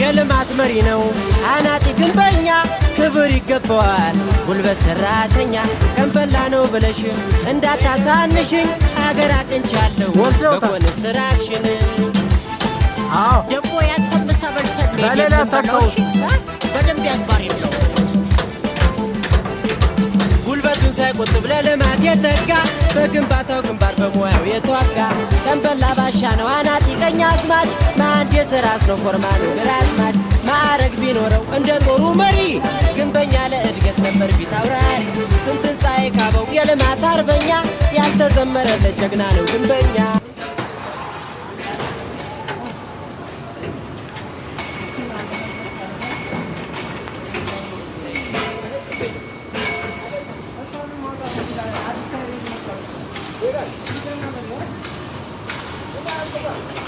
የልማት መሪ ነው አናጢ ግንበኛ፣ ክብር ይገባዋል ጉልበት ሰራተኛ። ቀንበላ ነው ብለሽ እንዳታሳንሽኝ፣ አገር አቅንቻለሁ በኮንስትራክሽን ደግሞ ያተምሳ በልተን በሌላ የለው ጉልበቱን ሳይቆጥብ ለልማት የተጋ በግንባታው ግንባር በሙያው የተዋጋ ቀንበላ ባሻ ነው አናጢ ቀኝ አዝማች ስራስ ነው ፎርማኑ ግራዝማች ማዕረግ ቢኖረው እንደ ጦሩ መሪ ግንበኛ ለእድገት ነበር ቢታውራል? ስንት ህንፃ የካበው የልማት አርበኛ ያልተዘመረለት ጀግና ነው ግንበኛ። Thank you.